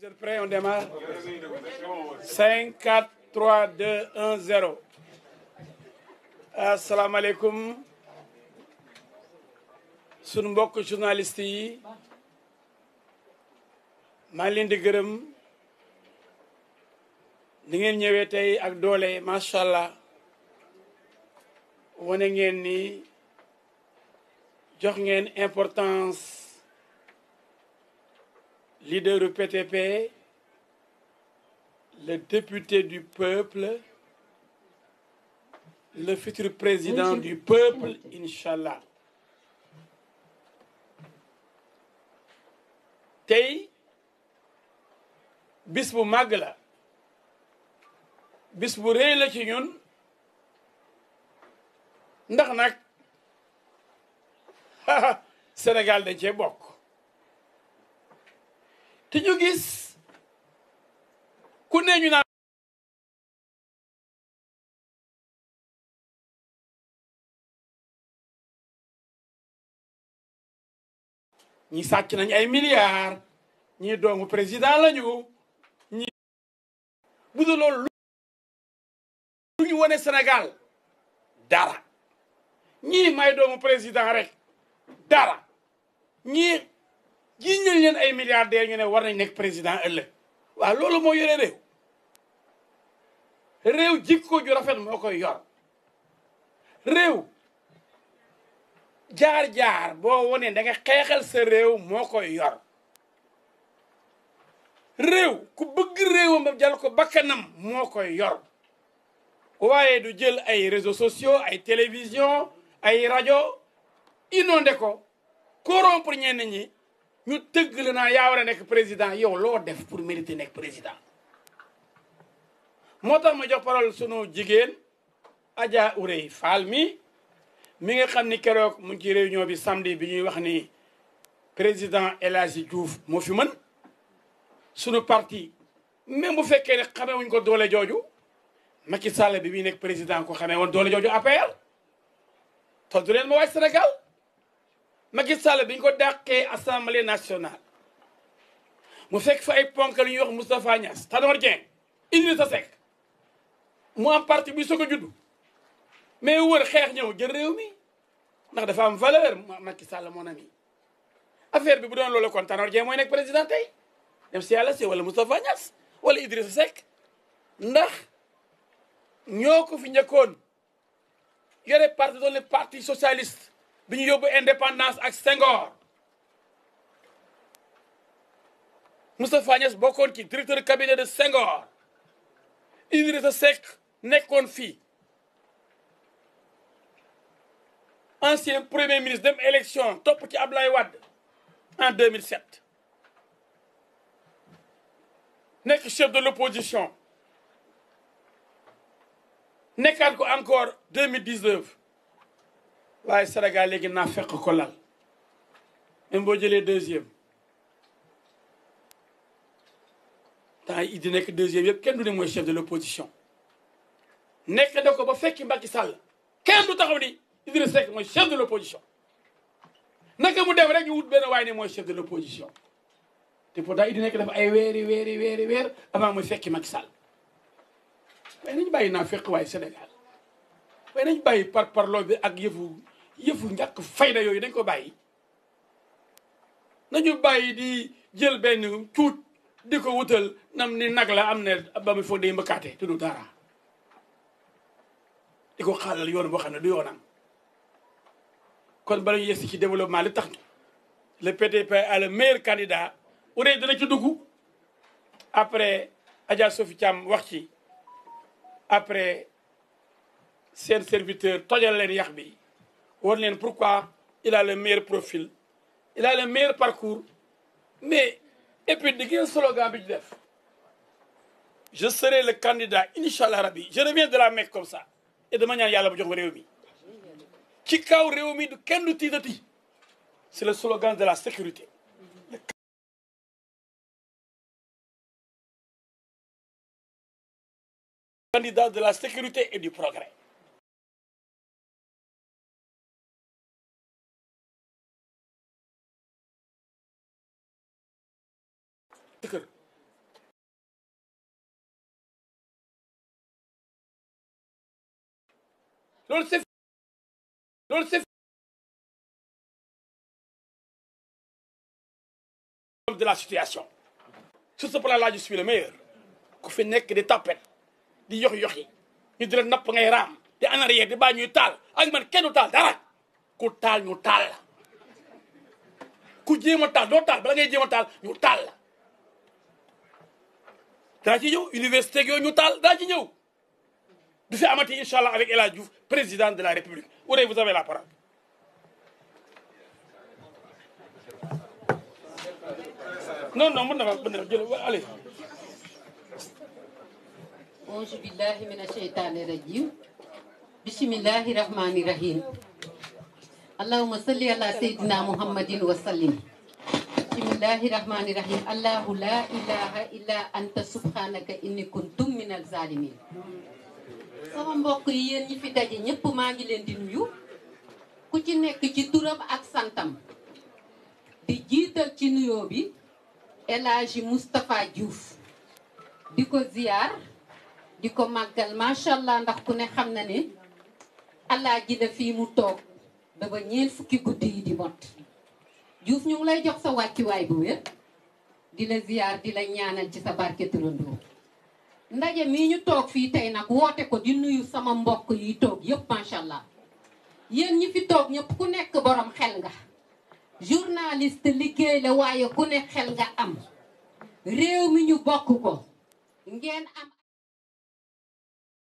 Vous êtes prêts, on démarre 5, 4, mbokk journaliste yi maa ngi leen di gërëm ni ngeen ñëwee tey ak doole macha allah wane ngeen ni jox ngeen importance leader du PTP, le député du peuple, le futur président du peuple, Inch'Allah. tey bis bu màgg la bis bu réy la ci ñun ndax nag Sénégal de cee bokk te ñu gis ku ne ñu naan ñi sàcc nañ ay milliards ñi doomu président lañu ñi bu dul lu ñu wane Sénégal dara ñii may doomu président rek dara ñii jiiñal leen ay milliardaires ñu ne war nañ nekk président ëllëg waaw loolu moo yore réew réew jikko ju rafet moo koy yor réew jaar-jaar boo wonee da nga sa réew moo koy yor réew ku bëgg réew ba jal ko bakkanam moo koy yor waaye du jël ay réseaux sociaux ay télévision ay rajo inondé ko corrompre ñenn ñi ñu tëgg la naa yaa war a nekk président yow loo def pour mériter nekk président moo tax ma jox parole sunu jigéen Adja Ourey Fall mi mi nga xam ni keroog mu ngi ci réunion bi samedi bi ñuy wax ni président El Hadji Diouf moo fi mën sunu parti même bu fekkee ne xamee wuñ ko doole jooju Macky Sall bi muy nekk président ko xamee woon doole jooju APR te du leen ma waaj Sénégal Macky Sall bi ñu ko dàqee assemblée nationale mu fekk fa ay ponkal ñuy wax Moustapha Niass Tanor Dieng Idrissa Seck mu am parti bi soo a juddu mais wër xeex ñëw jël réew mi ndax dafa am valeur Macky Sall mon ami affaire bi bu doon loolu kon Tanor Dieng moo nekk président tey dem si yàlla si wala Moustapha Niass wala Idrissa Seck ndax ñoo ko fi njëkkoon yore parti doon le parti socialiste bi ñu yóbbu indépendance ak Senghor Moustapha Niass bokkoon ci directeur cabinet de Senghor Idrissa Seck nekkoon fii ancien premier ministre dem élection topp ci Ablaye Wade en 2007 nekk chef de l'opposition nekkaat ko encore 2019 waaye Sénégal léegi naa fekk ko lal même boo jëlee deuxième temps yi di nekk deuxième yëpp kenn du ne mooy chef de l'opposition nekk na ko ba fekki Macky Sall kenn du taxaw ni Idrissa Seck mooy chef de l'opposition naka mu def rek ñu wut benn waay ne mooy chef de l'opposition te pourtant Idi nekk dafa ay weeri weeri weeri weer avant muy ma Macky Sall waaye nañu bàyyi naa fekk waaye Sénégal waaye nañ bàyyi par parloo bi ak yëfu yëfu ñàkk fayda yooyu dañ ko bàyyi nañu bàyyi di jël benn tuut di ko wutal nam ni nag la am ne ba mu foog day mbëkkaate te du dara di ko xaalal yoon boo xam ne du yoonam kon bala ñu yegsi ci développement li tax le pe a le meilleur candidat urée dana ci dugg après Adja Sofi Thiam wax ci après seen serviteur tojal yax bi war leen pourquoi il a le meilleur profil il a le meilleur parcours mais et puis di slogan bi ñu def je serai le candidat incha allah rabi je de la Mecque comme ça et dama ñaan yàlla bu jox ma réew mi kaw réew mi du kenn du tiitati c'est le slogan de la sécurité candidat de la sécurité et du tëkkal loolu c'est loolu c'est de la situation sur ce plan là je suis le meilleur ku fi nekk di tappet di yox-yoxi ñu di la napp ngay raam di en arrière di bàyyi ñuy taal ak man kenn du taal ku taal ñu taal ku jéem a taal doo taal bala ngay jéem a taal ñu taal la daa ci ñëw université yooyu ñu taal daa ci ñëw du fi avec El Hadj Diouf président de la république Houreye vous avez la parole. non non mën na faa mën na jël ala sayyidina muhammadin wa sallim bismillahi rahmani rahim allahu la ilaha illa anta subhanaka inni kuntum min al zalimin sama yi yéen ñi fi daje ñëpp maa ngi leen di nuyu ku ci nekk ci turam ak santam di jiital ci nuyoo bi El Hadji Moustapha di ko ziyaar di ko màggal macha allah ndax ku ne xam na ne alaaji mu toog daba ñeent fukki guddi yi di mot Diouf ñu lay jox sa wàccuwaay bu wér di la ziyaar di la ñaanal ci sa barke tërandoo ndaje mii ñu toog fii tey nag woote ko di nuyu sama mbokk yi toog yëpp macha allah yéen ñi fi toog ñëpp ku nekk boroom xel nga journaliste liggéey la waaye ku nekk xel nga am réew mi ñu bokk ko ngeen am